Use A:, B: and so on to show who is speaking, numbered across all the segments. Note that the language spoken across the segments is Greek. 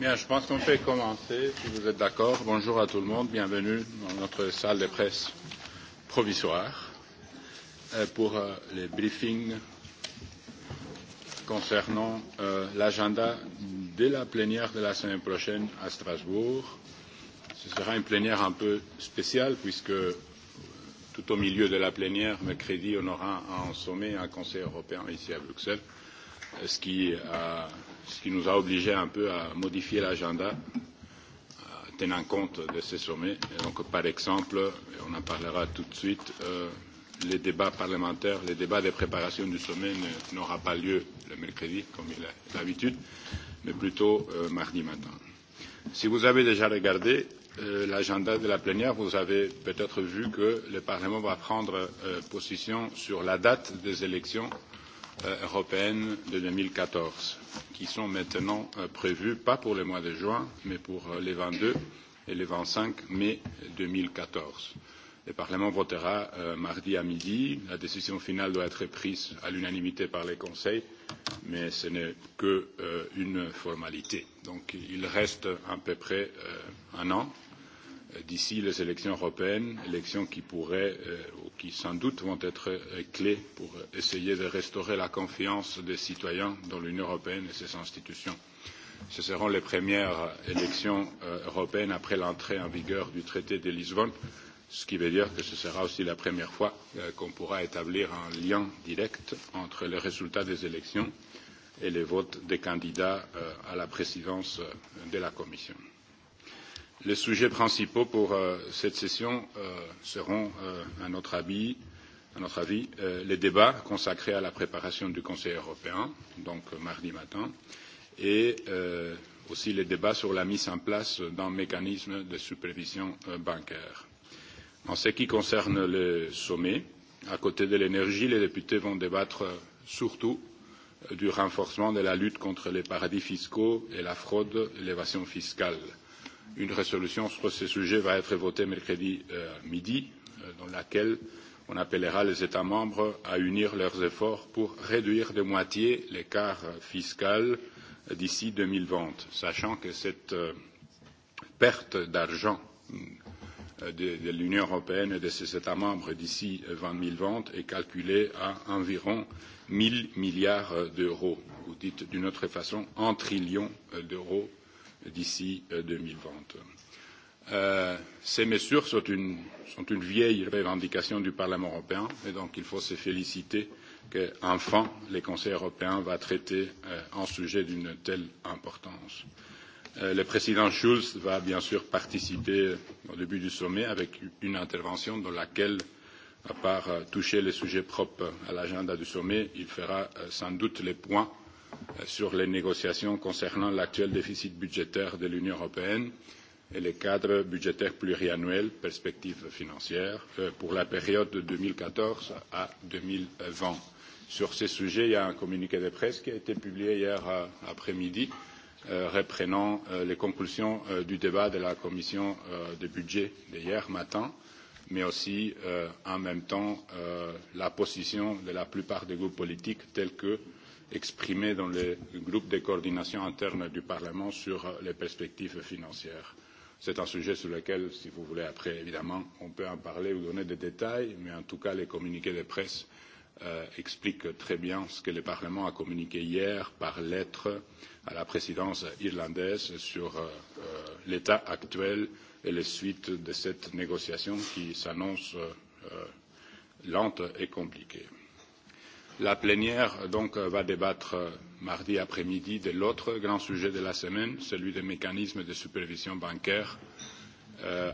A: Bien, je pense qu'on peut commencer, si vous êtes d'accord. Bonjour à tout le monde, bienvenue dans notre salle de presse provisoire pour les briefings concernant l'agenda de la plénière de la semaine prochaine à Strasbourg. Ce sera une plénière un peu spéciale puisque tout au milieu de la plénière, mercredi, on aura un sommet, un Conseil européen ici à Bruxelles ce qui nous a obligés un peu à modifier l'agenda tenant compte de ces sommets. Donc, par exemple, on en parlera tout de suite, les débats parlementaires, les débats de préparation du sommet n'aura pas lieu le mercredi, comme il est l'habitude, mais plutôt mardi matin. Si vous avez déjà regardé l'agenda de la plénière, vous avez peut-être vu que le Parlement va prendre position sur la date des élections européenne de 2014, qui sont maintenant prévues, pas pour le mois de juin, mais pour les 22 et les 25 mai 2014. Le Parlement votera mardi à midi. La décision finale doit être prise à l'unanimité par les conseils mais ce n'est qu'une formalité. Donc il reste à peu près un an d'ici les élections européennes, élections qui pourraient ou qui sans doute vont être clés pour essayer de restaurer la confiance des citoyens dans l'Union européenne et ses institutions. Ce seront les premières élections européennes après l'entrée en vigueur du traité de Lisbonne, ce qui veut dire que ce sera aussi la première fois qu'on pourra établir un lien direct entre les résultats des élections et les votes des candidats à la présidence de la Commission. Les sujets principaux pour cette session seront, à notre avis, les débats consacrés à la préparation du Conseil européen, donc mardi matin, et aussi les débats sur la mise en place d'un mécanisme de supervision bancaire. En ce qui concerne le sommet, à côté de l'énergie, les députés vont débattre surtout du renforcement de la lutte contre les paradis fiscaux et la fraude et l'évasion fiscale une résolution sur ce sujet va être votée mercredi midi, dans laquelle on appellera les États membres à unir leurs efforts pour réduire de moitié l'écart fiscal d'ici 2020, sachant que cette perte d'argent de l'Union européenne et de ses États membres d'ici 2020 est calculée à environ 1 milliards d'euros, ou dites d'une autre façon, 1 trillion d'euros d'ici 2020. Ces mesures sont une vieille revendication du Parlement européen et donc il faut se féliciter qu'enfin le Conseil européen va traiter un sujet d'une telle importance. Le président Schulz va bien sûr participer au début du sommet avec une intervention dans laquelle, à part toucher les sujets propres à l'agenda du sommet, il fera sans doute les points sur les négociations concernant l'actuel déficit budgétaire de l'Union européenne et le cadre budgétaire pluriannuel perspectives financières pour la période de 2014 à 2020. Sur ce sujet, il y a un communiqué de presse qui a été publié hier après-midi reprenant les conclusions du débat de la commission des budgets d'hier matin, mais aussi en même temps la position de la plupart des groupes politiques tels que exprimé dans le groupe de coordination interne du Parlement sur les perspectives financières. C'est un sujet sur lequel, si vous voulez, après, évidemment, on peut en parler ou donner des détails, mais en tout cas, les communiqués de presse expliquent très bien ce que le Parlement a communiqué hier par lettre à la présidence irlandaise sur l'état actuel et les suites de cette négociation qui s'annonce lente et compliquée. La plénière donc va débattre mardi après-midi de l'autre grand sujet de la semaine, celui des mécanismes de supervision bancaire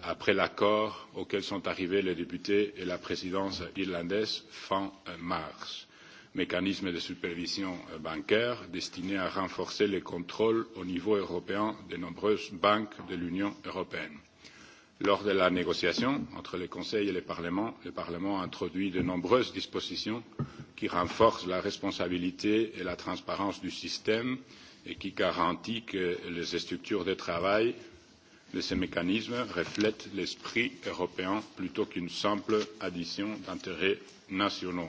A: après l'accord auquel sont arrivés les députés et la présidence irlandaise fin mars. Mécanisme de supervision bancaire destiné à renforcer les contrôles au niveau européen de nombreuses banques de l'Union européenne. Lors de la négociation entre le Conseil et le Parlement, le Parlement a introduit de nombreuses dispositions qui renforcent la responsabilité et la transparence du système et qui garantissent que les structures de travail de ces mécanismes reflètent l'esprit européen plutôt qu'une simple addition d'intérêts nationaux.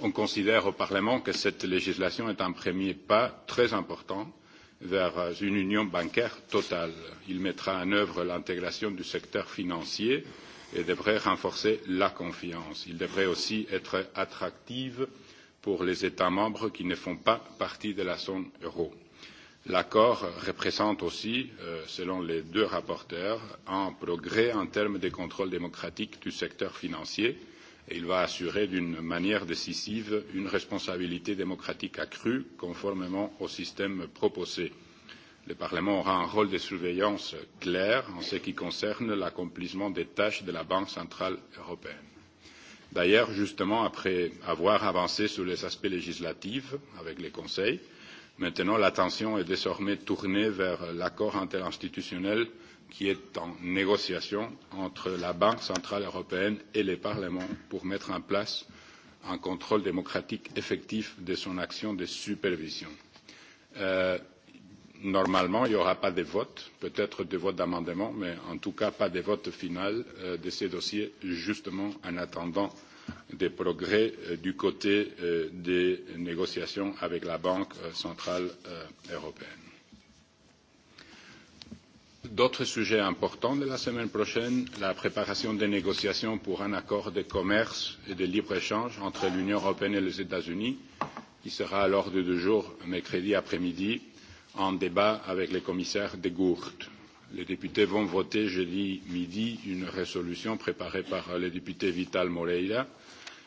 A: On considère au Parlement que cette législation est un premier pas très important vers une union bancaire totale. Il mettra en œuvre l'intégration du secteur financier et devrait renforcer la confiance. Il devrait aussi être attractif pour les États membres qui ne font pas partie de la zone euro. L'accord représente aussi, selon les deux rapporteurs, un progrès en termes de contrôle démocratique du secteur financier et il va assurer d'une manière décisive une responsabilité démocratique accrue conformément au système proposé. Le Parlement aura un rôle de surveillance clair en ce qui concerne l'accomplissement des tâches de la Banque centrale européenne. D'ailleurs, justement, après avoir avancé sur les aspects législatifs avec les conseils, maintenant l'attention est désormais tournée vers l'accord interinstitutionnel qui est en négociation entre la Banque centrale européenne et les Parlement pour mettre en place un contrôle démocratique effectif de son action de supervision. Normalement, il n'y aura pas de vote, peut-être de vote d'amendement, mais en tout cas pas de vote final de ces dossiers, justement en attendant des progrès du côté des négociations avec la Banque centrale européenne. D'autres sujets importants de la semaine prochaine, la préparation des négociations pour un accord de commerce et de libre-échange entre l'Union européenne et les États-Unis, qui sera à l'ordre du jour mercredi après-midi en débat avec le commissaire De Gucht. Les députés vont voter jeudi midi une résolution préparée par le député Vital Moreira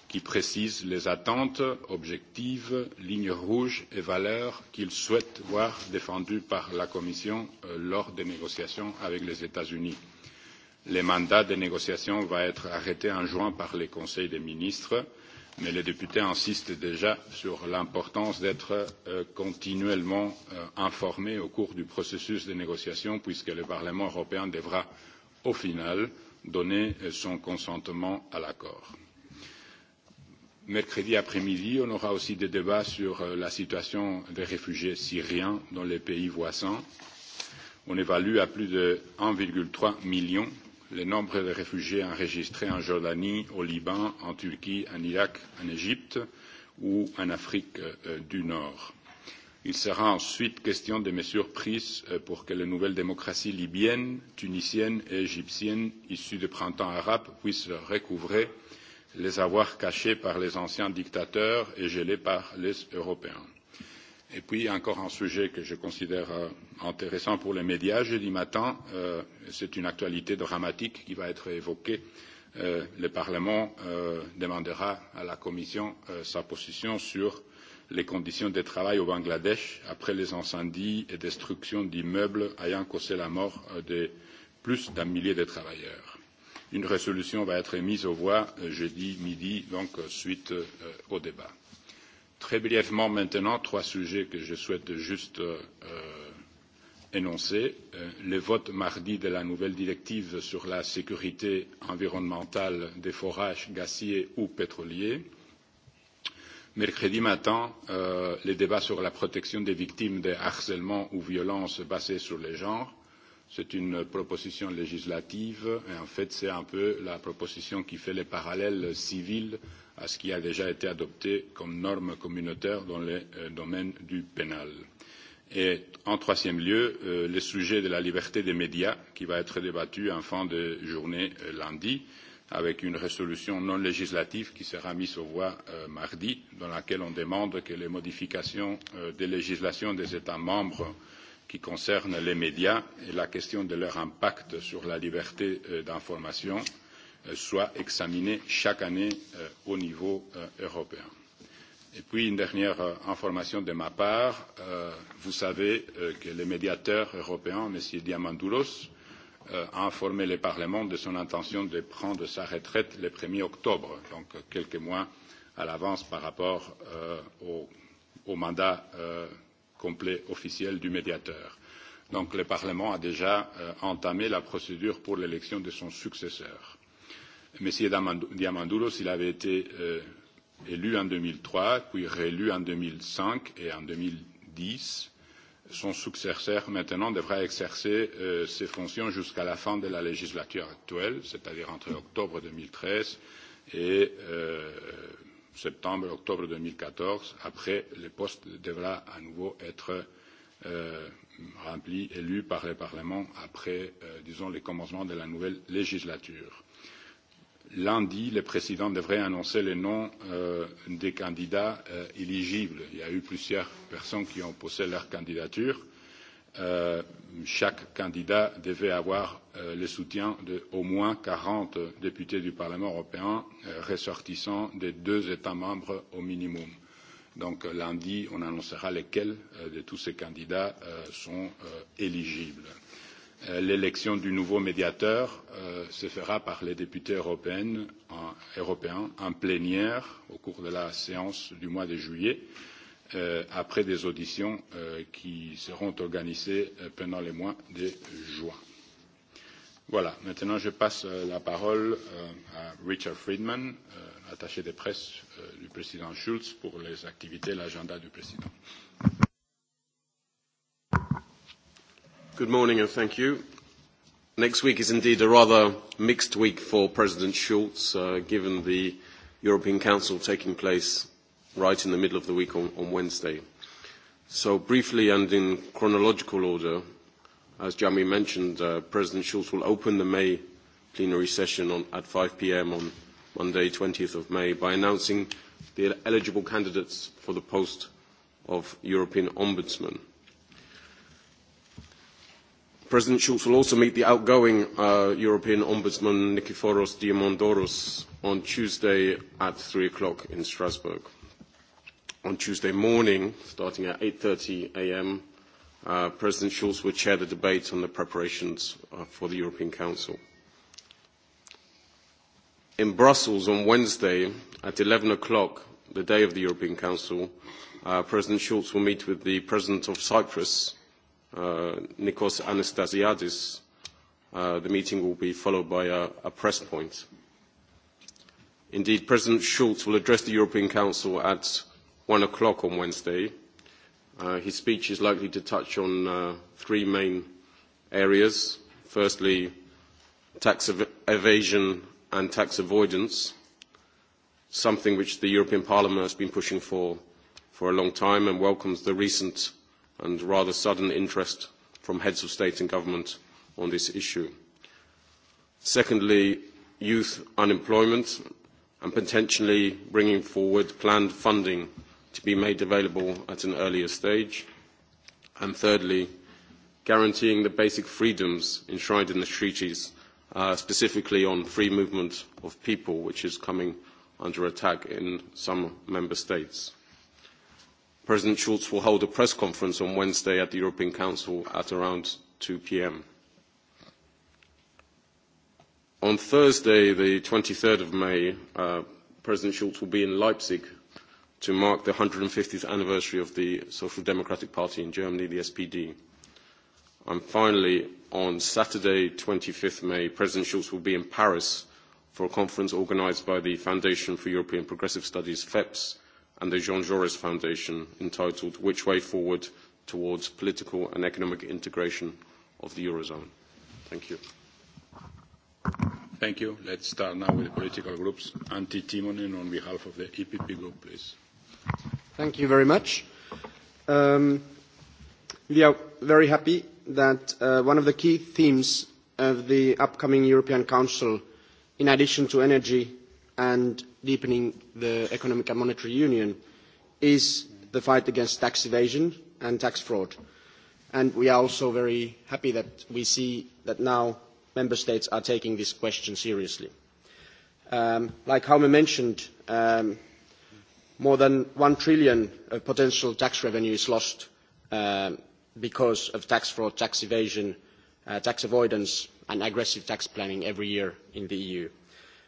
A: qui précise les attentes, objectifs, lignes rouges et valeurs qu'il souhaite voir défendues par la Commission lors des négociations avec les États-Unis. Le mandat des négociations va être arrêté en juin par le Conseil des ministres, mais les députés insistent déjà sur l'importance d'être continuellement informés au cours du processus de négociation, puisque le Parlement européen devra, au final, donner son consentement à l'accord mercredi après-midi, on aura aussi des débats sur la situation des réfugiés syriens dans les pays voisins. On évalue à plus de 1,3 million le nombre de réfugiés enregistrés en Jordanie, au Liban, en Turquie, en Irak, en Égypte ou en Afrique du Nord. Il sera ensuite question des mesures prises pour que les nouvelles démocraties libyennes, tunisiennes et égyptiennes issues du printemps arabe puissent recouvrer les avoir cachés par les anciens dictateurs et gelés par les Européens. Et puis, encore un sujet que je considère intéressant pour les médias. Jeudi matin, c'est une actualité dramatique qui va être évoquée. Le Parlement demandera à la Commission sa position sur les conditions de travail au Bangladesh après les incendies et destructions d'immeubles ayant causé la mort de plus d'un millier de travailleurs. Une résolution va être mise aux voix jeudi midi, donc suite au débat. Très brièvement maintenant, trois sujets que je souhaite juste énoncer. Le vote mardi de la nouvelle directive sur la sécurité environnementale des forages gaziers ou pétroliers. Mercredi matin, les débats sur la protection des victimes de harcèlement ou violences basées sur le genre C'est une proposition législative et en fait c'est un peu la proposition qui fait les parallèles civils à ce qui a déjà été adopté comme norme communautaire dans le domaine du pénal. Et en troisième lieu, le sujet de la liberté des médias qui va être débattu en fin de journée lundi avec une résolution non législative qui sera mise aux voix mardi dans laquelle on demande que les modifications des législations des États membres qui concerne les médias et la question de leur impact sur la liberté d'information soit examinée chaque année au niveau européen. Et puis, une dernière information de ma part. Vous savez que le médiateur européen, M. Diamandouros, a informé le Parlement de son intention de prendre sa retraite le 1er octobre, donc quelques mois à l'avance par rapport au mandat complet officiel du médiateur. Donc le Parlement a déjà entamé la procédure pour l'élection de son successeur. Monsieur Diamandouros, il avait été élu en 2003, puis réélu en 2005 et en 2010. Son successeur, maintenant, devra exercer ses fonctions jusqu'à la fin de la législature actuelle, c'est-à-dire entre octobre 2013 et septembre, octobre 2014. Après, le poste devra à nouveau être rempli, élu par le Parlement après, disons, le commencement de la nouvelle législature. Lundi, le président devrait annoncer les noms des candidats éligibles. Il y a eu plusieurs personnes qui ont posé leur candidature chaque candidat devait avoir le soutien d'au moins 40 députés du Parlement européen ressortissant des deux États membres au minimum. Donc lundi, on annoncera lesquels de tous ces candidats sont éligibles. L'élection du nouveau médiateur se fera par les députés européens en plénière au cours de la séance du mois de juillet après des auditions qui seront organisées pendant le mois de juin. Voilà, maintenant je passe la parole à Richard Friedman, attaché de presse du président Schulz, pour les activités et l'agenda du président. Good morning
B: and thank you. Next week is indeed a rather mixed week for President Schulz, given the European Council taking place right in the middle of the week on Wednesday. So briefly and in chronological order, as Jamie mentioned, President Schulz will open the May plenary session at 5 p.m. on Monday, 20th of May, by announcing the eligible candidates for the post of European Ombudsman. President Schulz will also meet the outgoing European Ombudsman Nikiforos Diamondoros on Tuesday at 3 o'clock in Strasbourg on Tuesday morning, starting at 8.30 a.m., President Schulz will chair the debate on the preparations for the European Council. In Brussels on Wednesday at 11 o'clock, the day of the European Council, President Schulz will meet with the President of Cyprus, Nikos Anastasiadis. The meeting will be followed by a press point. Indeed, President Schulz will address the European Council at one o'clock on Wednesday. His speech is likely to touch on three main areas. Firstly, tax evasion and tax avoidance, something which the European Parliament has been pushing for for a long time and welcomes the recent and rather sudden interest from heads of state and government on this issue. Secondly, youth unemployment and potentially bringing forward planned funding to be made available at an earlier stage, and thirdly, guaranteeing the basic freedoms enshrined in the treaties, specifically on free movement of people, which is coming under attack in some member states. President Schulz will hold a press conference on Wednesday at the European Council at around 2 p.m. On Thursday, the 23rd of May, President Schulz will be in Leipzig to mark the 150th anniversary of the Social Democratic Party in Germany, the SPD. And finally, on Saturday, 25th May, President Schulz will be in Paris for a conference organized by the Foundation for European Progressive Studies, FEPS, and the Jean Jaurès Foundation, entitled Which Way Forward Towards Political and Economic Integration of the
A: Eurozone. Thank you. Thank you. Let's start now with the political groups. Antti Timonen on behalf of the EPP Group, please.
C: Thank you very much. We are very happy that one of the key themes of the upcoming European Council, in addition to energy and deepening the economic and monetary union, is the fight against tax evasion and tax fraud. And we are also very happy that we see that now Member States are taking this question seriously. Like Jaume mentioned, more than 1 trillion of potential tax revenue is lost because of tax fraud, tax evasion, tax avoidance and aggressive tax planning every year in the EU,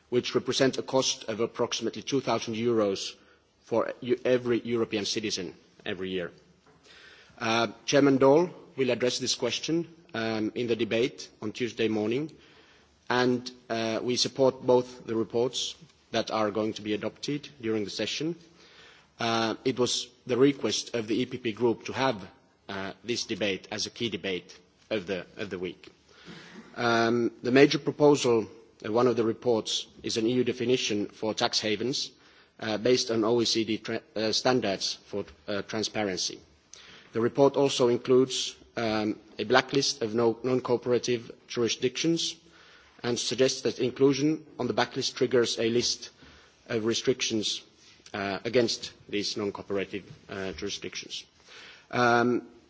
C: which represent a cost of approximately 2,000 euros for every European citizen every year. Chairman Daul will address this question in the debate on Tuesday morning, and we support both the reports that are going to be adopted during the session It was the request of the EPP Group to have this debate as a key debate of the week. The major proposal of one of the reports is an EU definition for tax havens based on OECD standards for transparency. The report also includes a blacklist of non-cooperative jurisdictions and suggests that inclusion on the blacklist triggers a list of restrictions against these non-cooperative jurisdictions.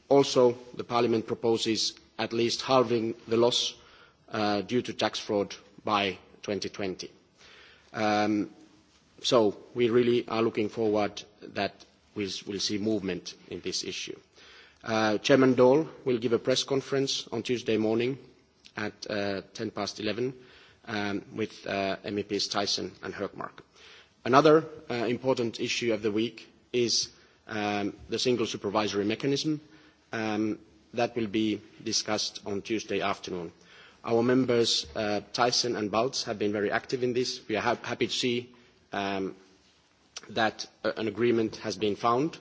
C: Also, the Parliament proposes at least halving the loss due to tax fraud by 2020. So we really are looking forward that we will see movement in this issue. Chairman Daul will give a press conference on Tuesday morning at 10 past with MEPs Tyson and Herkmark. Another important issue of the week is the single supervisory mechanism that will be discussed on Tuesday afternoon. Our members Tyson and Balz have been very active in this. We are happy to see that an agreement has been found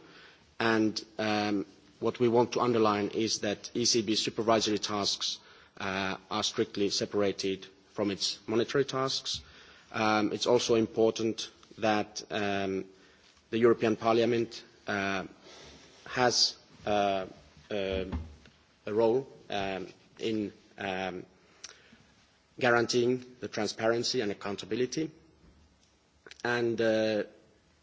C: and what we want to underline is that ECB supervisory tasks are strictly separated from its monetary tasks. It's also important that the European Parliament has a role in guaranteeing the transparency and accountability. And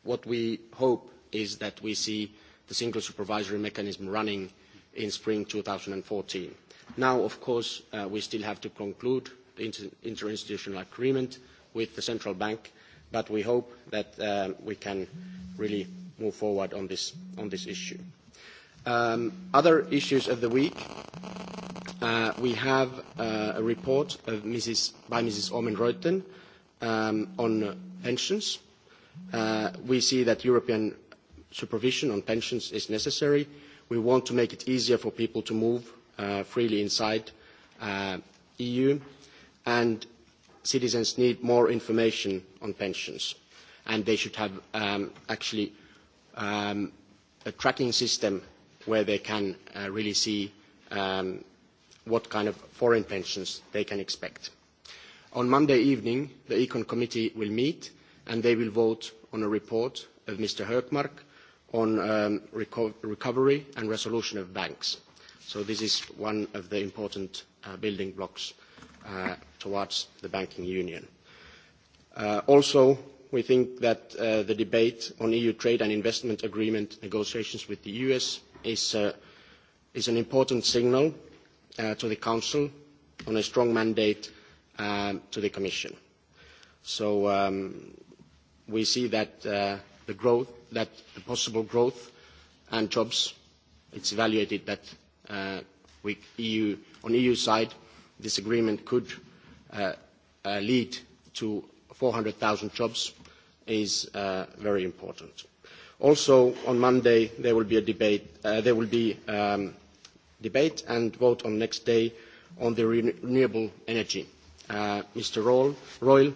C: what we hope is that we see the single supervisory mechanism running in spring 2014. Now, of course, we still have to conclude the interinstitutional agreement with the central bank but we hope that we can really move forward on this issue. Other issues of the week, we have a report by Mrs. Oomen-Ruijten on pensions. We see that European supervision on pensions is necessary. We want to make it easier for people to move freely inside EU, and citizens need more information on pensions, and they should have actually a tracking system where they can really see what kind of foreign pensions they can expect. On Monday evening, the Econ Committee will meet, and they will vote on a report of Mr. Herkmark on recovery and resolution of banks. So this is one of the important building blocks towards the banking union. Also, we think that the debate on EU trade and investment agreement negotiations with the US is an important signal to the Council on a strong mandate to the Commission. So we see that the growth, that the possible growth and jobs, it's evaluated that on EU side this agreement could lead to 400,000 jobs is very important. Also on Monday there will be a debate, there will be debate and vote on next day on the renewable energy. Mr. Royal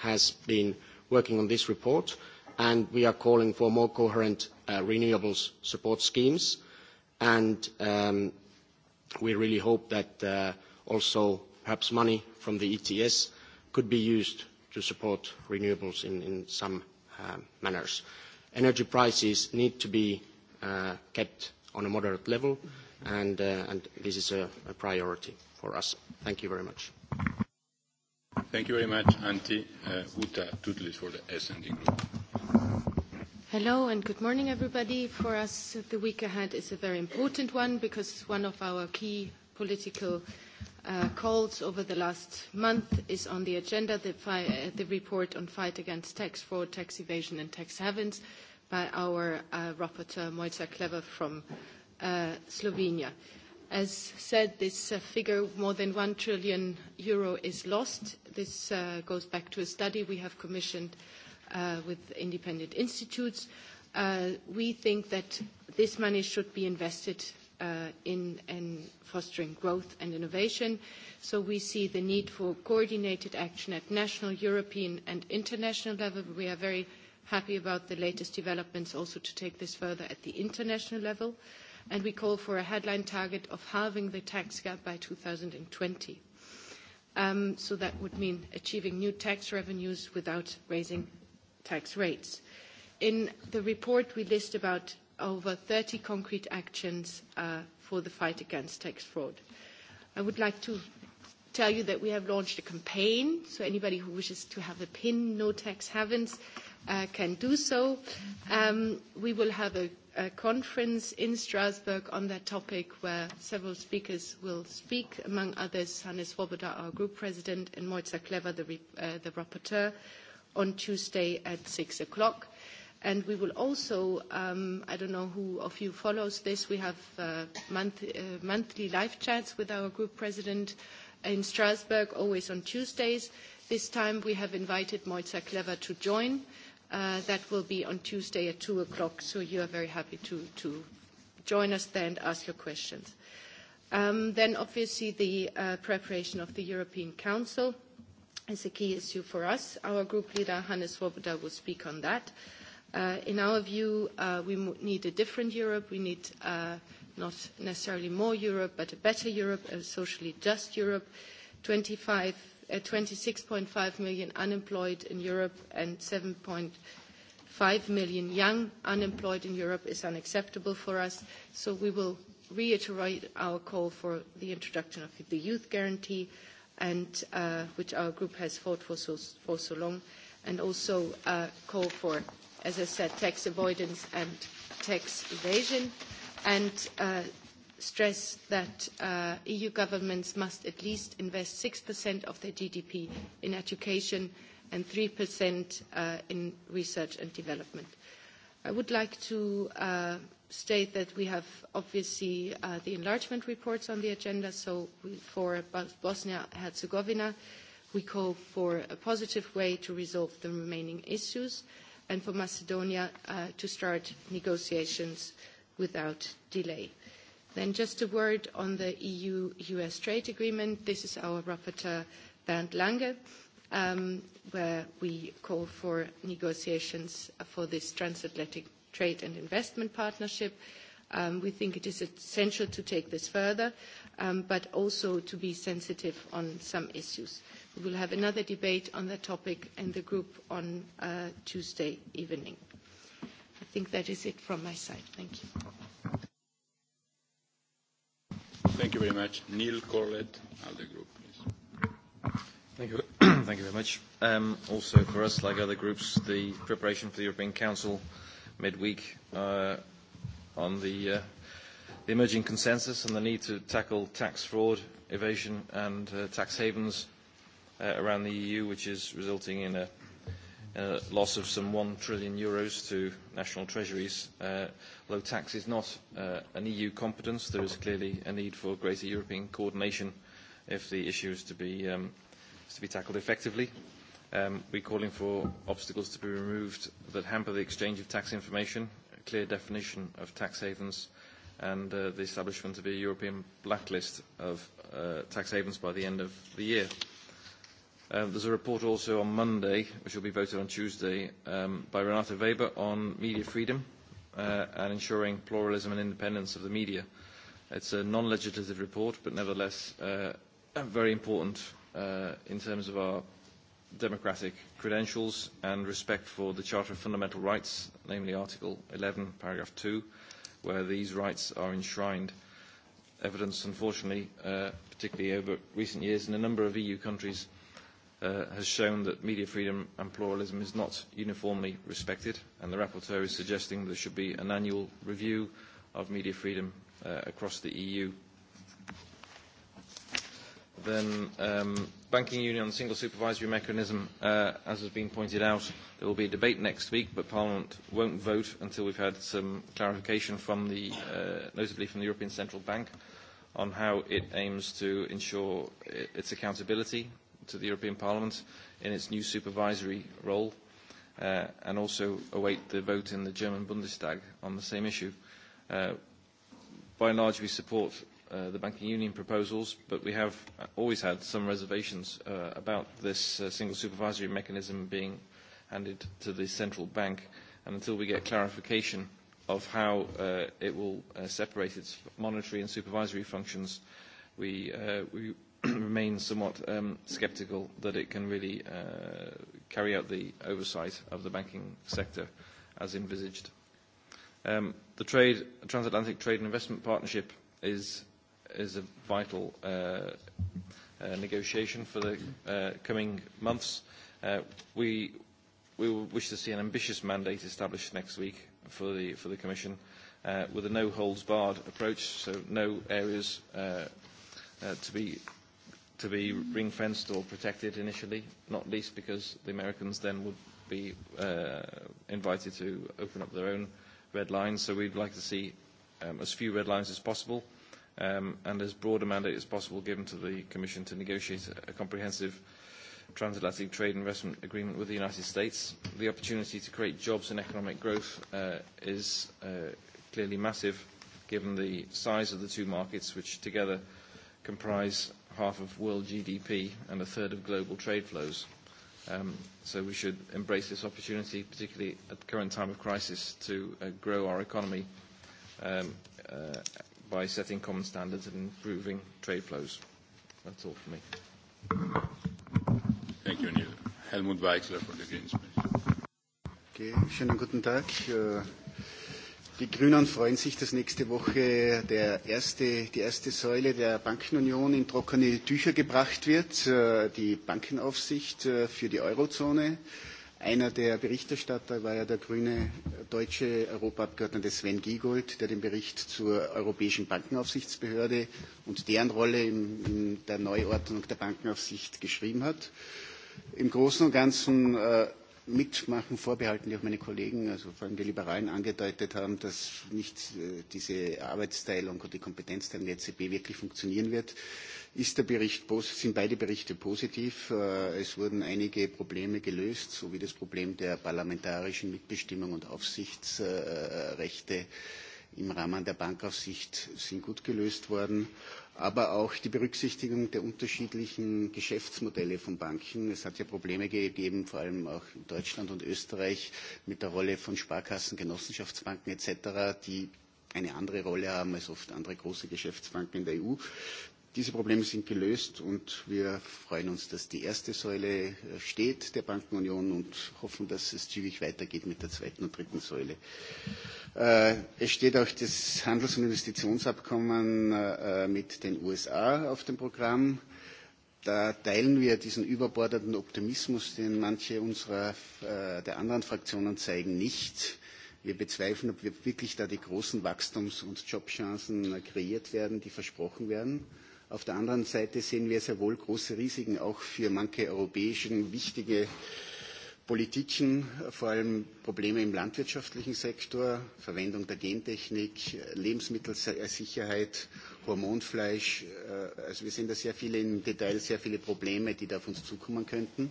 C: has been working on this report and we are calling for more coherent renewables support schemes and we really hope that also perhaps money from the ETS could be used to support renewables in some manners. Energy prices need to be kept on a moderate level, and this is a priority
A: for us. Thank you very much. Thank you very much, Antti. Uta Tutlis for the S&D Group.
D: Hello and good morning, everybody. For us, the week ahead is a very important one because one of our key political calls over the last month is on the agenda, the report on fight against tax fraud, tax evasion and tax havens by our rapporteur Mojca Klever from Slovenia. As said, this figure, more than 1 trillion euro, is lost. This goes back to a study we have commissioned with independent institutes. We think that this money should be invested in fostering growth and innovation. So we see the need for coordinated action at national, European and international level. We are very happy about the latest developments also to take this further at the international level. And we call for a headline target of halving the tax gap by 2020. So that would mean achieving new tax revenues without raising tax rates. In the report, we list about over 30 concrete actions for the fight against tax fraud. I would like to tell you that we have launched a campaign, so anybody who wishes to have a pin, no tax havens, can do so. We will have a conference in Strasbourg on that topic where several speakers will speak, among others Hannes Swoboda, our group president, and Mojca Kleva, the rapporteur, on Tuesday at 6 o'clock. And we will also, I don't know who of you follows this, we have monthly live chats with our group president in Strasbourg, always on Tuesdays. This time we have invited Moitza Clever to join. That will be on Tuesday at 2 o'clock, so you are very happy to join us there and ask your questions. Then obviously the preparation of the European Council is a key issue for us. Our group leader, Hannes Swoboda, will speak on that. In our view, we need a different Europe. We need not necessarily more Europe, but a better Europe, a socially just Europe. 26.5 million unemployed in Europe and 7.5 million young unemployed in Europe is unacceptable for us. So we will reiterate our call for the introduction of the Youth Guarantee, which our group has fought for so long, and also call for as I said, tax avoidance and tax evasion, and stress that EU governments must at least invest 6% of their GDP in education and 3% in research and development. I would like to state that we have obviously the enlargement reports on the agenda, so for Bosnia-Herzegovina, we call for a positive way to resolve the remaining issues and for Macedonia to start negotiations without delay. Then just a word on the EU-US trade agreement. This is our rapporteur, Bernd Lange, where we call for negotiations for this transatlantic trade and investment partnership. We think it is essential to take this further, but also to be sensitive on some issues. We will have another debate on that topic in the group on Tuesday evening. I think that is it from my side.
E: Thank you.
A: Thank you very much. Neil Corlett,
E: ALDE Group, please. Thank you. Thank you very much. Also for us, like other groups, the preparation for the European Council midweek on the emerging consensus and the need to tackle tax fraud, evasion and tax havens around the EU, which is resulting in a loss of some 1 trillion euros to national treasuries. Low tax is not an EU competence. There is clearly a need for greater European coordination if the issue is to be tackled effectively. We're calling for obstacles to be removed that hamper the exchange of tax information, a clear definition of tax havens, and the establishment of a European blacklist of tax havens by the end of the year. There's a report also on Monday, which will be voted on Tuesday, by Renate Weber on media freedom and ensuring pluralism and independence of the media. It's a non-legislative report, but nevertheless very important in terms of our democratic credentials and respect for the Charter of Fundamental Rights, namely Article 11, Paragraph 2, where these rights are enshrined. Evidence, unfortunately, particularly over recent years in a number of EU countries has shown that media freedom and pluralism is not uniformly respected, and the rapporteur is suggesting there should be an annual review of media freedom across the EU. Then banking union single supervisory mechanism, as has been pointed out, there will be a debate next week, but Parliament won't vote until we've had some clarification from the, notably from the European Central Bank, on how it aims to ensure its accountability to the European Parliament in its new supervisory role and also await the vote in the German Bundestag on the same issue. By and large, we support the banking union proposals, but we have always had some reservations about this single supervisory mechanism being handed to the central bank, and until we get clarification of how it will separate its monetary and supervisory functions, we we remain somewhat sceptical that it can really carry out the oversight of the banking sector as envisaged. The Transatlantic Trade and Investment Partnership is a vital negotiation for the coming months. We wish to see an ambitious mandate established next week for the Commission with a no-holds-barred approach, so no areas to be to be ring-fenced or protected initially, not least because the Americans then would be invited to open up their own red lines. So we'd like to see as few red lines as possible and as broad a mandate as possible given to the Commission to negotiate a comprehensive transatlantic trade investment agreement with the United States. The opportunity to create jobs and economic growth is clearly massive given the size of the two markets, which together comprise half of world GDP and a third of global trade flows. So we should embrace this opportunity, particularly at the current time of crisis, to grow our economy by setting common standards and improving trade flows.
A: That's all for me. Thank you, Neil. Helmut Weichler for the Greens.
F: Okay, schönen guten Tag. Die Grünen freuen sich, dass nächste Woche die erste Säule der Bankenunion in trockene Tücher gebracht wird, die Bankenaufsicht für die Eurozone. Einer der Berichterstatter war ja der grüne deutsche Europaabgeordnete Sven Giegold, der den Bericht zur Europäischen Bankenaufsichtsbehörde und deren Rolle in der Neuordnung der Bankenaufsicht geschrieben hat. Im Großen und Ganzen mitmachen, vorbehalten, die auch meine Kollegen, also vor allem die Liberalen, angedeutet haben, dass nicht diese Arbeitsteilung und die Kompetenzteilung der EZB wirklich funktionieren wird. der sind beide Berichte positiv. Es wurden einige Probleme gelöst, so wie das Problem der parlamentarischen Mitbestimmung und Aufsichtsrechte im Rahmen der Bankaufsicht sind gut gelöst worden aber auch die Berücksichtigung der unterschiedlichen Geschäftsmodelle von Banken. Es hat ja Probleme gegeben, vor allem auch in Deutschland und Österreich, mit der Rolle von Sparkassen, Genossenschaftsbanken etc., die eine andere Rolle haben als oft andere große Geschäftsbanken in der EU. Diese Probleme sind gelöst und wir freuen uns, dass die erste Säule steht der Bankenunion und hoffen, dass es zügig weitergeht mit der zweiten und dritten Säule. Es steht auch das Handels- und Investitionsabkommen mit den USA auf dem Programm. Da teilen wir diesen überbordenden Optimismus, den manche unserer der anderen Fraktionen zeigen, nicht. Wir bezweifeln, ob wirklich da die großen Wachstums- und Jobchancen kreiert werden, die versprochen werden. Auf der anderen Seite sehen wir sehr wohl große Risiken auch für manche europäischen wichtige Politiken, vor allem Probleme im landwirtschaftlichen Sektor, Verwendung der Gentechnik, Lebensmittelsicherheit, Hormonfleisch. Also wir sehen da sehr viele im Detail, sehr viele Probleme, die da auf uns zukommen könnten.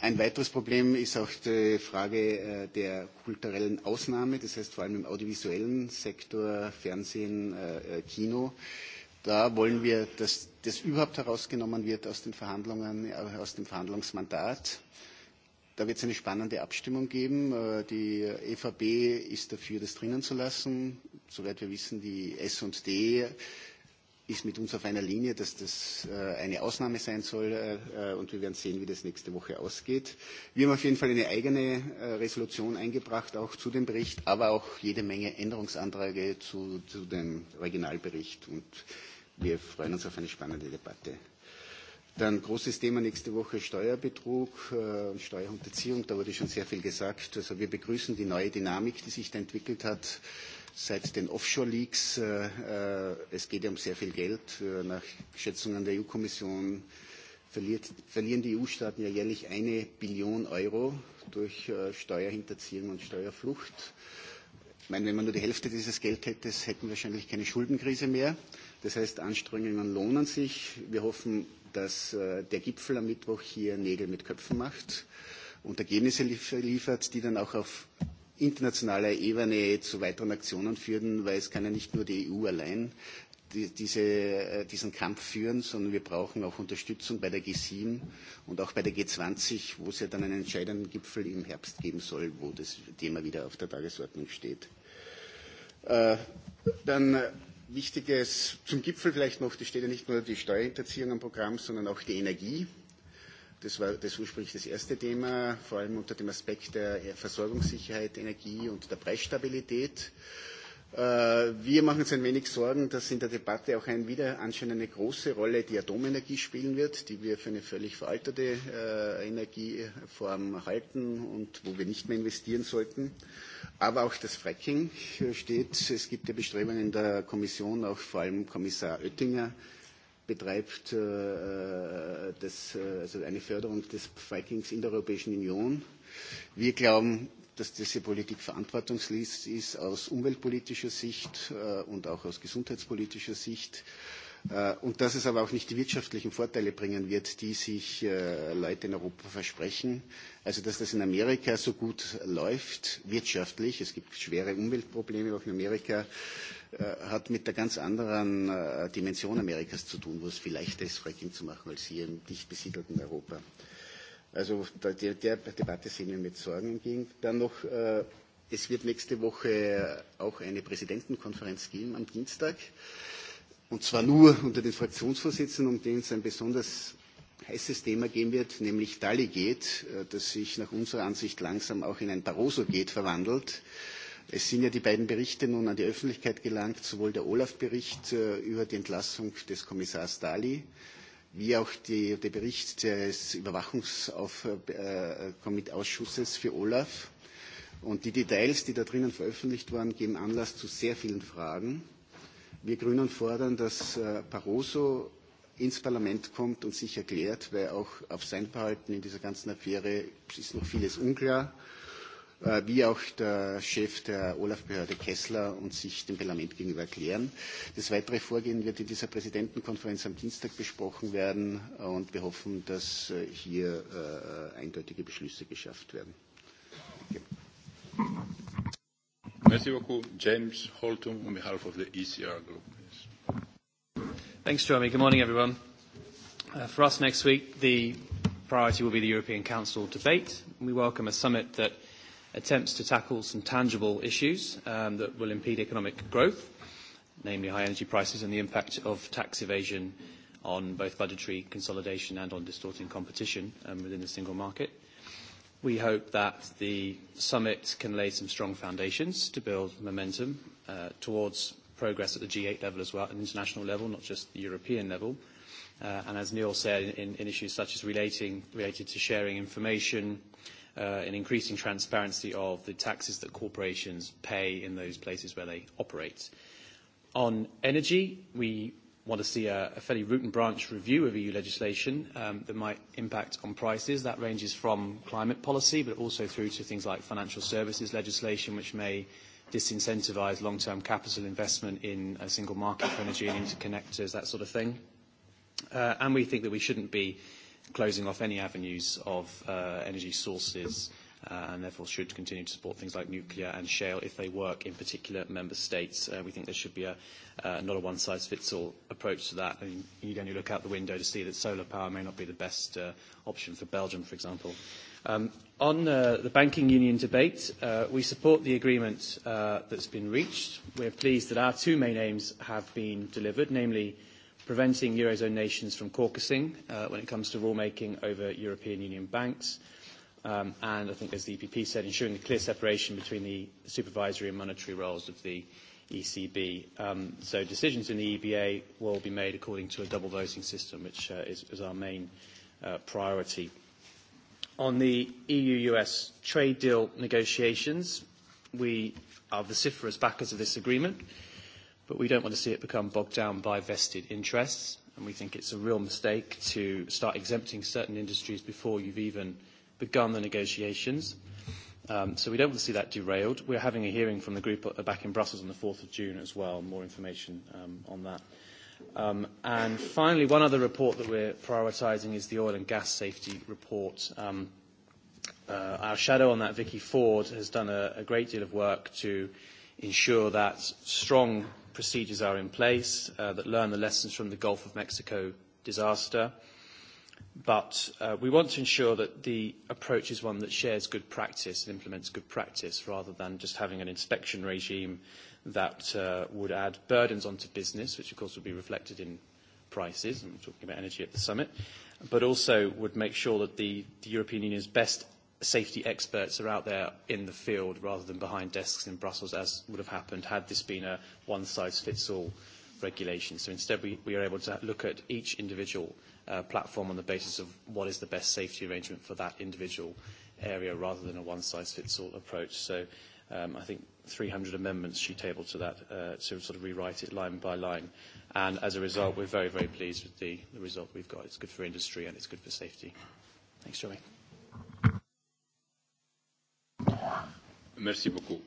F: Ein weiteres Problem ist auch die Frage der kulturellen Ausnahme, das heißt vor allem im audiovisuellen Sektor, Fernsehen, Kino Da wollen wir, dass das überhaupt herausgenommen wird aus den Verhandlungen, aus dem Verhandlungsmandat. Da wird es eine spannende Abstimmung geben. Die EVP ist dafür, das drinnen zu lassen. Soweit wir wissen, die S&D ist mit uns auf einer Linie, dass das eine Ausnahme sein soll. Und wir werden sehen, wie das nächste Woche ausgeht. Wir haben auf jeden Fall eine eigene Resolution eingebracht, auch zu dem Bericht, aber auch jede Menge Änderungsanträge zu dem Originalbericht. Und wir freuen uns auf eine spannende Debatte. Dann großes Thema nächste Woche Steuerbetrug und Steuerhinterziehung. Da wurde schon sehr viel gesagt. Also wir begrüßen die neue Dynamik, die sich da entwickelt hat seit den Offshore-Leaks. Es geht ja um sehr viel Geld. Nach Schätzungen der EU-Kommission verlieren die EU-Staaten ja jährlich eine Billion Euro durch Steuerhinterziehung und Steuerflucht. Ich meine, wenn man nur die Hälfte dieses Geld hätte, hätten wir wahrscheinlich keine Schuldenkrise mehr. Das heißt, Anstrengungen lohnen sich. Wir hoffen, dass der Gipfel am Mittwoch hier Nägel mit Köpfen macht und Ergebnisse liefert, die dann auch auf internationaler Ebene zu weiteren Aktionen führen, weil es kann ja nicht nur die EU allein diesen Kampf führen, sondern wir brauchen auch Unterstützung bei der G7 und auch bei der G20, wo es ja dann einen entscheidenden Gipfel im Herbst geben soll, wo das Thema wieder auf der Tagesordnung steht. Dann Wichtiges zum Gipfel vielleicht noch, es steht ja nicht nur die Steuerhinterziehung am Programm, sondern auch die Energie. Das war das ursprünglich das erste Thema, vor allem unter dem Aspekt der Versorgungssicherheit, Energie und der Preisstabilität. Wir machen uns ein wenig Sorgen, dass in der Debatte auch ein wieder anscheinend eine große Rolle die Atomenergie spielen wird, die wir für eine völlig veraltete Energieform halten und wo wir nicht mehr investieren sollten. Aber auch das Fracking steht. Es gibt ja Bestrebungen der Kommission, auch vor allem Kommissar Oettinger betreibt eine Förderung des Frackings in der Europäischen Union. Wir glauben, dass diese Politik verantwortungslos ist aus umweltpolitischer Sicht und auch aus gesundheitspolitischer Sicht und dass es aber auch nicht die wirtschaftlichen Vorteile bringen wird, die sich Leute in Europa versprechen. Also dass das in Amerika so gut läuft, wirtschaftlich, es gibt schwere Umweltprobleme auch in Amerika, hat mit der ganz anderen Dimension Amerikas zu tun, wo es viel leichter ist, Fracking zu machen als hier im dicht besiedelten Europa. Also der Debatte sehen wir mit Sorgen entgegen. Dann noch, es wird nächste Woche auch eine Präsidentenkonferenz geben am Dienstag. Und zwar nur unter den Fraktionsvorsitzenden, um denen es ein besonders heißes Thema geben wird, nämlich Dali geht, das sich nach unserer Ansicht langsam auch in ein Barroso geht verwandelt. Es sind ja die beiden Berichte nun an die Öffentlichkeit gelangt, sowohl der Olaf Bericht über die Entlassung des Kommissars Dali wie auch der Bericht des Überwachungsausschusses für Olaf. Und die Details, die da drinnen veröffentlicht wurden, geben Anlass zu sehr vielen Fragen. Wir Grünen fordern, dass Barroso ins Parlament kommt und sich erklärt, weil auch auf sein Verhalten in dieser ganzen Affäre ist noch vieles unklar wie auch der Chef der Olaf-Behörde Kessler und sich dem Parlament gegenüber erklären. Das weitere Vorgehen wird in dieser Präsidentenkonferenz am Dienstag besprochen werden und wir hoffen, dass hier eindeutige Beschlüsse geschafft
A: werden. Merci beaucoup. James Holtum on behalf of the ECR Group. Thanks, Jeremy. Good morning, everyone.
G: For us next week, the priority will be the European Council debate. We welcome a summit that attempts to tackle some tangible issues that will impede economic growth, namely high energy prices and the impact of tax evasion on both budgetary consolidation and on distorting competition within the single market. We hope that the summit can lay some strong foundations to build momentum towards progress at the G8 level as well, at an international level, not just the European level. And as Neil said, in issues such as relating related to sharing information, an increasing transparency of the taxes that corporations pay in those places where they operate. On energy, we want to see a fairly root and branch review of EU legislation that might impact on prices. That ranges from climate policy, but also through to things like financial services legislation, which may disincentivize long-term capital investment in a single market for energy and interconnectors, that sort of thing. And we think that we shouldn't be closing off any avenues of energy sources and therefore should continue to support things like nuclear and shale if they work in particular member states. We think there should be not a one-size-fits-all approach to that. You'd only look out the window to see that solar power may not be the best option for Belgium, for example. On the banking union debate, we support the agreement that's been reached. We're pleased that our two main aims have been delivered, namely preventing Eurozone nations from caucusing when it comes to rulemaking over European Union banks, and I think, as the EPP said, ensuring a clear separation between the supervisory and monetary roles of the ECB. So decisions in the EBA will be made according to a double voting system, which is our main priority. On the EU-US trade deal negotiations, we are vociferous backers of this agreement but we don't want to see it become bogged down by vested interests, and we think it's a real mistake to start exempting certain industries before you've even begun the negotiations. So we don't want to see that derailed. We're having a hearing from the group back in Brussels on the 4th of June as well, more information on that. And finally, one other report that we're prioritising is the oil and gas safety report. Our shadow on that, Vicky Ford, has done a great deal of work to ensure that strong procedures are in place that learn the lessons from the Gulf of Mexico disaster. But we want to ensure that the approach is one that shares good practice and implements good practice rather than just having an inspection regime that would add burdens onto business, which of course would be reflected in prices, and we're talking about energy at the summit, but also would make sure that the European Union's best safety experts are out there in the field rather than behind desks in Brussels, as would have happened had this been a one-size-fits-all regulation. So instead, we are able to look at each individual platform on the basis of what is the best safety arrangement for that individual area rather than a one-size-fits-all approach. So I think 300 amendments she tabled to that to sort of rewrite it line by line. And as a result, we're very, very pleased with the result we've got. It's good for industry and it's good for safety. Thanks, Joey.
A: Merci beaucoup.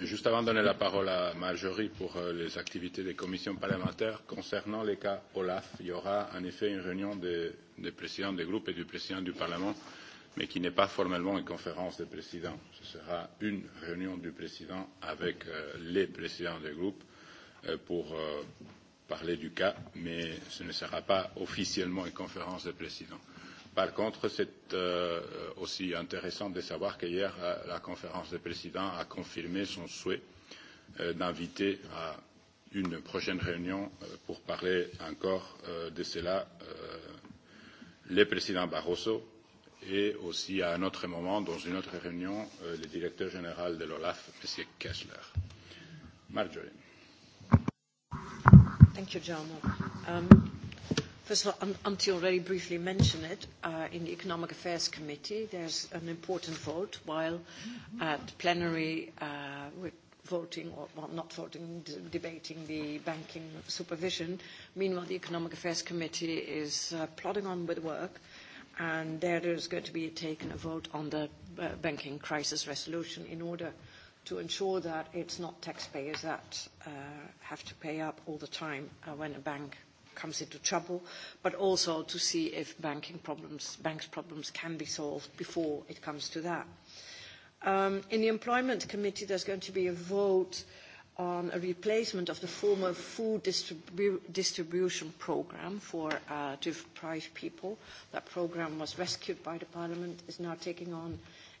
A: Juste avant de donner la parole à Marjorie pour les activités des commissions parlementaires, concernant les cas OLAF, il y aura en effet une réunion des présidents des groupes et du président du Parlement, mais qui n'est pas formellement une conférence des présidents. Ce sera une réunion du président avec les présidents des groupes pour parler du cas, mais ce ne sera pas officiellement une conférence des présidents. Par contre, c'est aussi intéressant de savoir qu'hier, la conférence des présidents a confirmé son souhait d'inviter à une prochaine réunion pour parler encore de cela le président Barroso et aussi à un autre moment, dans une autre réunion, le directeur général de l'OLAF, M. Kessler. Marjorie.
H: First of all, Antje already briefly mentioned it. In the Economic Affairs Committee, there's an important vote, while at plenary we're voting, or not voting, debating the banking supervision. Meanwhile, the Economic Affairs Committee is plodding on with work, and there is going to be taken a vote on the banking crisis resolution in order to ensure that it's not taxpayers that have to pay up all the time when a bank comes into trouble, but also to see if banking problems, banks' problems can be solved before it comes to that. In the Employment Committee, there's going to be a vote on a replacement of the former food distribution program for deprived people. That program was rescued by the Parliament, is now taking on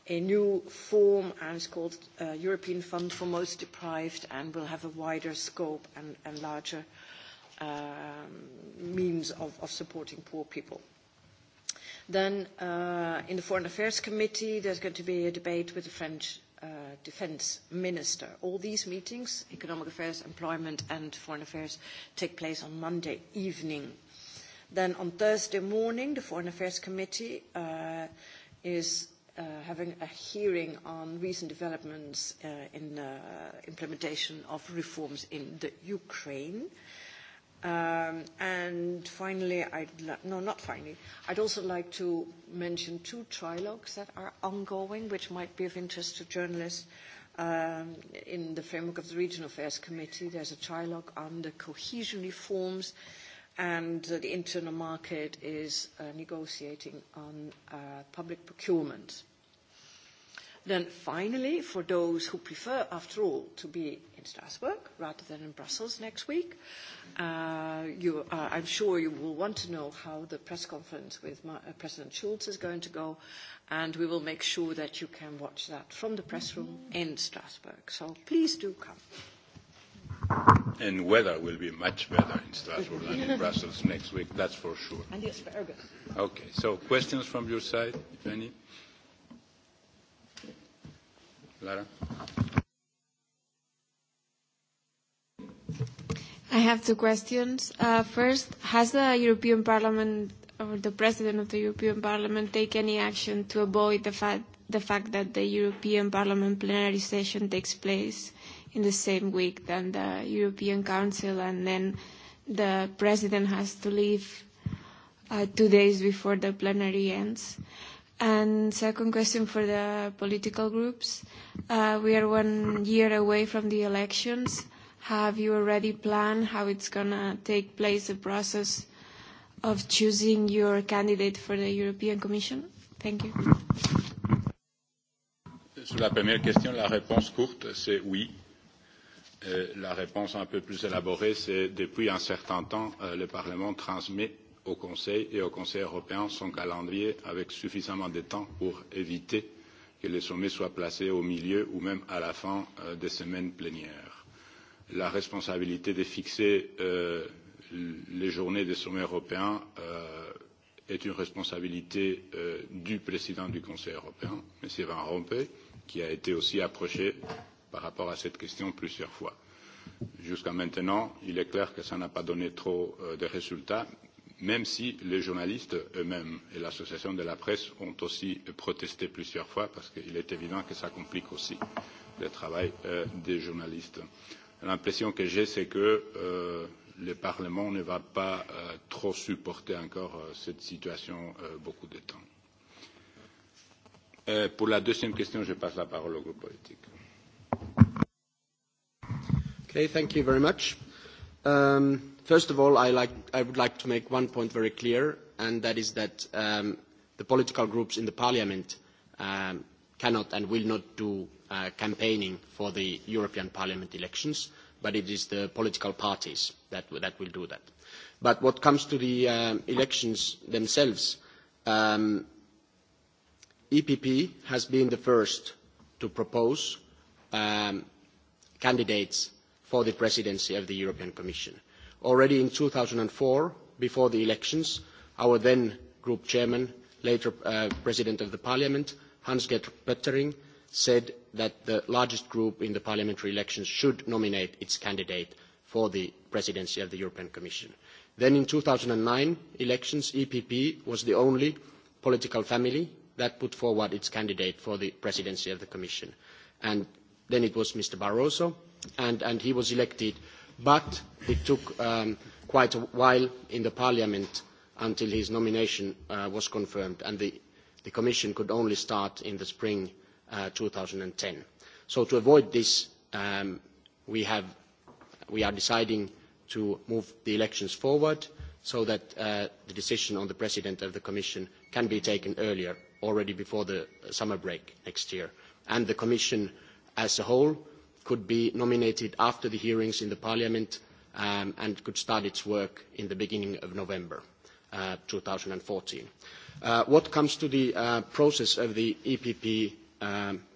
H: a new form and is called European Fund for Most Deprived and will have a wider scope and larger means of supporting poor people. Then in the Foreign Affairs Committee there's going to be a debate with the French Defence Minister. All these meetings, Economic Affairs, Employment and Foreign Affairs, take place on Monday evening. Then on Thursday morning the Foreign Affairs Committee is having a hearing on recent developments in the implementation of reforms in the Ukraine. And finally, no, not finally, I'd also like to mention two trilogues that are ongoing, which might be of interest to journalists. In the framework of the Regional Affairs Committee, there's a trilogue on the cohesion reforms, and the internal market is negotiating on public procurement. Then finally, for those who prefer, after all, to be in Strasbourg rather than in Brussels next week. I'm sure you will want to know how the press conference with President Schulz is going to go, and we will make sure that you can watch that from the press room in Strasbourg. So please do come.
A: And weather will be much better in Strasbourg than in Brussels next week, that's for sure.
G: And the asparagus.
A: Okay, so questions from your side, if any? Lara?
I: I have two questions. First, has the European Parliament or the President of the European Parliament take any action to avoid the fact the fact that the European Parliament plenary session takes place in the same week than the European Council and then the President has to leave two days before the plenary ends. And second question for the political groups. We are one year away from the elections. Have you already planned how it's going to take place, the process of choosing your candidate for the European Commission? Thank you.
A: Sur la première question, la réponse courte, c'est oui. La réponse un peu plus élaborée, c'est depuis un certain temps, le Parlement transmet au Conseil et au Conseil européen son calendrier avec suffisamment de temps pour éviter que le sommet soit placé au milieu ou même à la fin des semaines plénières la responsabilité de fixer les journées des sommets européens est une responsabilité du président du Conseil européen, M. Van Rompuy, qui a été aussi approché par rapport à cette question plusieurs fois. Jusqu'à maintenant, il est clair que ça n'a pas donné trop de résultats, même si les journalistes eux-mêmes et l'association de la presse ont aussi protesté plusieurs fois, parce qu'il est évident que ça complique aussi le travail des journalistes. L'impression que j'ai, c'est que le Parlement ne va pas trop supporter encore cette situation beaucoup de temps. Pour la deuxième question, je passe la parole au groupe politique.
C: Okay, thank you very much. First of all, I would like to make one point very clear, and that is that the political groups in the Parliament cannot and will not do campaigning for the European Parliament elections, but it is the political parties that will do that. But what comes to the elections themselves, EPP has been the first to propose candidates for the presidency of the European Commission. Already in 2004, before the elections, our then group chairman, later president of the Parliament, Hans-Gert said that the largest group in the parliamentary elections should nominate its candidate for the presidency of the European Commission. Then in 2009 elections, EPP was the only political family that put forward its candidate for the presidency of the Commission. And then it was Mr. Barroso, and he was elected. But it took quite a while in the Parliament until his nomination was confirmed, and the The Commission could only start in the spring 2010. So to avoid this, we are deciding to move the elections forward so that the decision on the President of the Commission can be taken earlier, already before the summer break next year. And the Commission as a whole could be nominated after the hearings in Parliament and could start its work in the beginning of November. 2014. What comes to the process of the EPP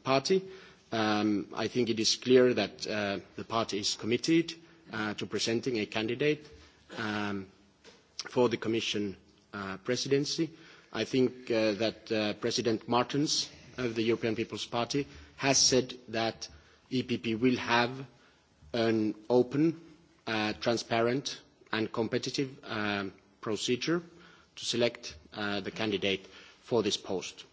C: party, I think it is clear that the party is committed to presenting a candidate for the Commission presidency. I think that President Martens of the European People's Party has said that EPP will have an open, transparent and competitive procedure to select the candidate for this post.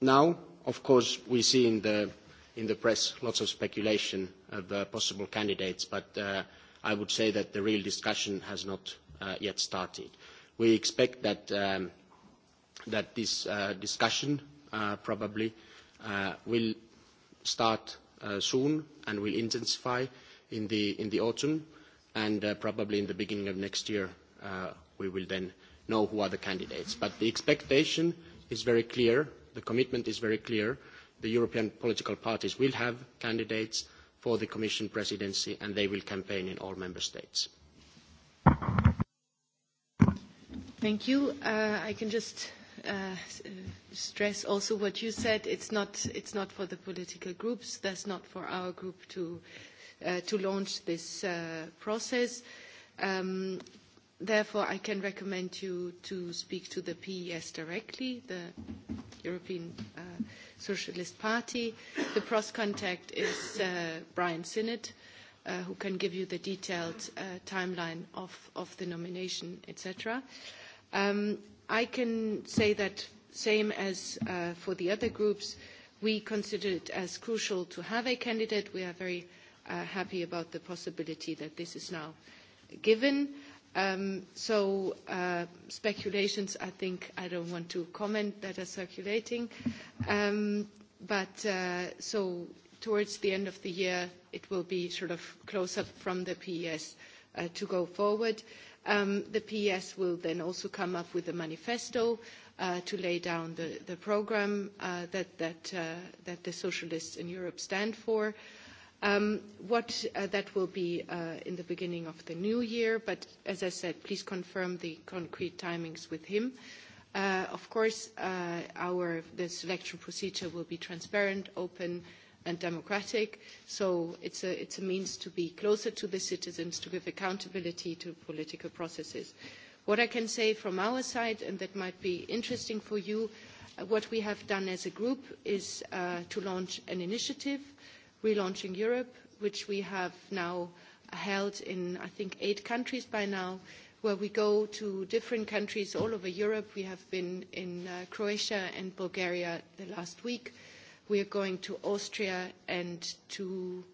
C: Now, of course, we see in the in the press lots of speculation of possible candidates, but I would say that the real discussion has not yet started. We expect that this discussion probably will start soon and will intensify in the in the autumn and probably in the beginning of next year we will then know who are the candidates. But the expectation is very clear, the commitment is very clear. The European political parties will have candidates for the Commission presidency and they will campaign in all member states.
D: Thank you. I can just stress also what you said. It's not for the political groups. That's not for our group to to launch this process. Therefore, I can recommend you to speak to the PES directly, the European Socialist Party. The cross-contact is Brian Sinnott, who can give you the detailed timeline of the nomination, etc. I can say that, same as for the other groups, we consider it as crucial to have a candidate. We are very happy about the possibility that this is now given. So speculations, I think, I don't want to comment that are circulating. But so towards the end of the year, it will be sort of close up from the PES to go forward. The PES will then also come up with a manifesto to lay down the program that the socialists in Europe stand for What that will be in the beginning of the new year, but as I said, please confirm the concrete timings with him. Of course, our the selection procedure will be transparent, open and democratic, so it's a means to be closer to the citizens, to give accountability to political processes. What I can say from our side, and that might be interesting for you, what we have done as a group is to launch an initiative Relaunching Europe, which we have now held in, I think, eight countries by now, where we go to different countries all over Europe. We have been in Croatia and Bulgaria the last week. We are going to Austria and to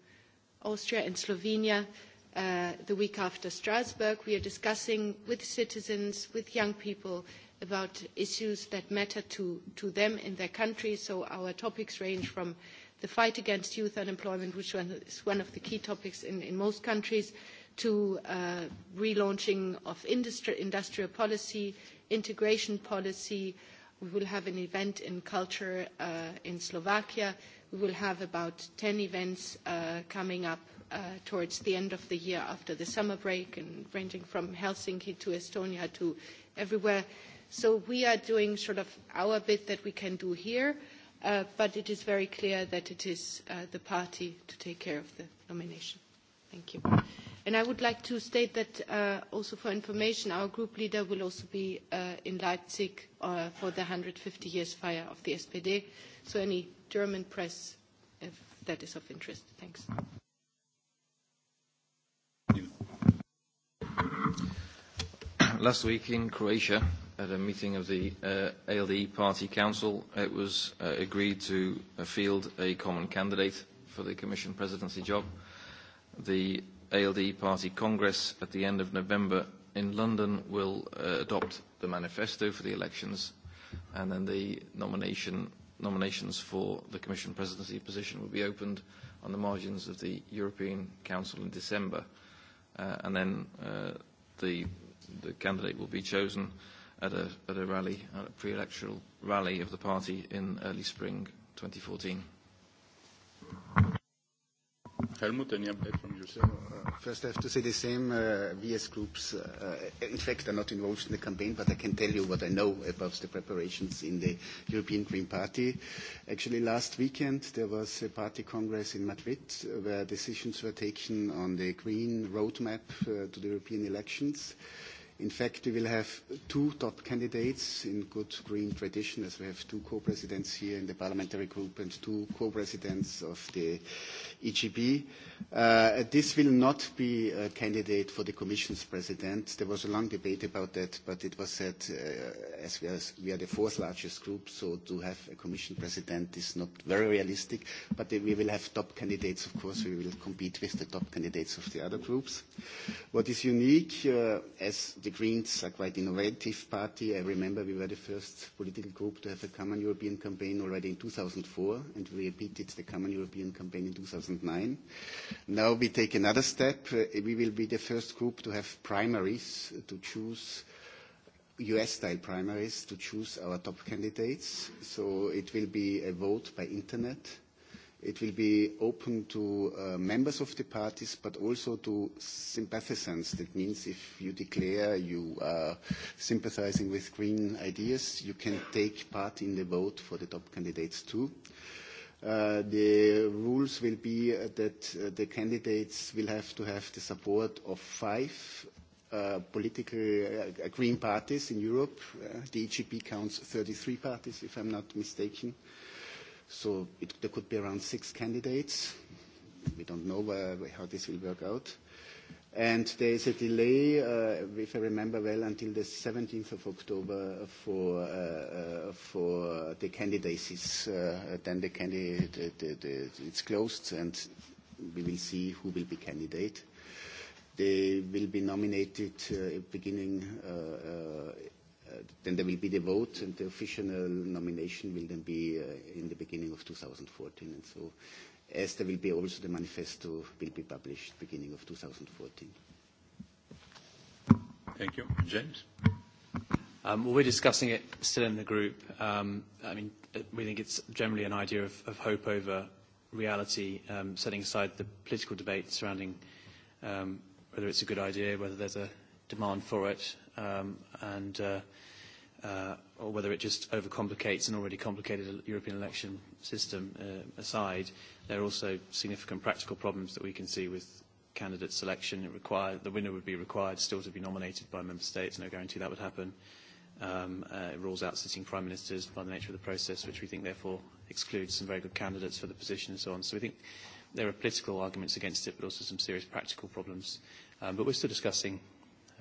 D: Austria and Slovenia the week after Strasbourg. We are discussing with citizens, with young people, about issues that matter to them in their country. So our topics range from the fight against youth unemployment, which is one of the key topics in most countries, to relaunching of industrial policy, integration policy. We will have an event in culture in Slovakia. We will have about 10 events coming up towards the end of the year after the summer break, and ranging from Helsinki to Estonia to everywhere. So we are doing sort of our bit that we can do here but it is very clear that it is the party to take care of the nomination. Thank you. And I would like to state that also for information, our group leader will also be in Leipzig for the 150 years fire of the SPD. So any German press, if that is of interest. Thanks.
E: Last week in Croatia, at a meeting of the ALDE Party Council, it was agreed to field a common candidate for the Commission presidency job. The ALDE Party Congress at the end of November in London will adopt the manifesto for the elections, and then the nominations for the Commission presidency position will be opened on the margins of the European Council in December, and then the candidate will be chosen at a rally, a pre-electoral rally of the party in early spring 2014. Helmut, any update from
F: First, I have to say the same. VS groups, in fact, are not involved in the campaign, but I can tell you what I know about the preparations in the European Green Party. Actually, last weekend, there was a party congress in Madrid where decisions were taken on the green roadmap to the European elections. In fact, we will have two top candidates in good green tradition, as we have two co-presidents here in the parliamentary group and two co-presidents of the EGB. This will not be a candidate for the Commission's president. There was a long debate about that, but it was said, as we are the fourth largest group, so to have a Commission president is not very realistic. But we will have top candidates, of course. We will compete with the top candidates of the other groups. What is unique, as The Greens are quite innovative party. I remember we were the first political group to have a common European campaign already in 2004, and we repeated the common European campaign in 2009. Now we take another step. We will be the first group to have primaries, to choose US-style primaries, to choose our top candidates. So it will be a vote by internet It will be open to members of the parties, but also to sympathizers. That means if you declare you are sympathizing with green ideas, you can take part in the vote for the top candidates too. The rules will be that the candidates will have to have the support of five political green parties in Europe. The EGP counts 33 parties, if I'm not mistaken. So there could be around six candidates. We don't know how this will work out. And there is a delay, if I remember well, until the 17th of October for for the candidacies. Then the it's closed, and we will see who will be candidate. They will be nominated beginning Then there will be the vote, and the official nomination will then be in the beginning of 2014. And so, as there will be also the manifesto will be published
G: beginning of 2014.
A: Thank you. James?
G: Well, we're discussing it still in the group. um I mean, we think it's generally an idea of hope over reality, um setting aside the political debate surrounding um whether it's a good idea, whether there's a demand for it, Um and or whether it just overcomplicates an already complicated European election system aside, there are also significant practical problems that we can see with candidate selection. It required, the winner would be required still to be nominated by member states. No guarantee that would happen. Um, it rules out sitting prime ministers by the nature of the process, which we think therefore excludes some very good candidates for the position and so on. So we think there are political arguments against it, but also some serious practical problems. Um, but we're still discussing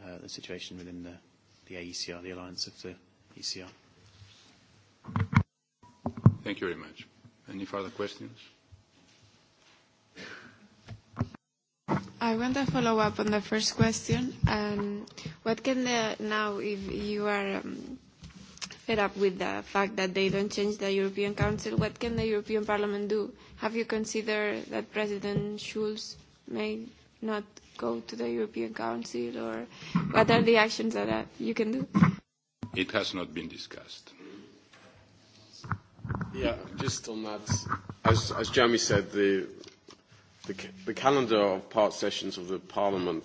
G: uh, the situation within the the
A: AECR, the alliance of the ECR. Thank you very much. Any further questions?
I: I want to follow up on the first question. What can the, now, if you are fed up with the fact that they don't change the European Council, what can the European Parliament do? Have you considered that President Schulz may not go to the European Council or what are the actions that you can do?
A: It has not been discussed.
B: Yeah, just on that, as Jamie said, the the calendar of part sessions of the Parliament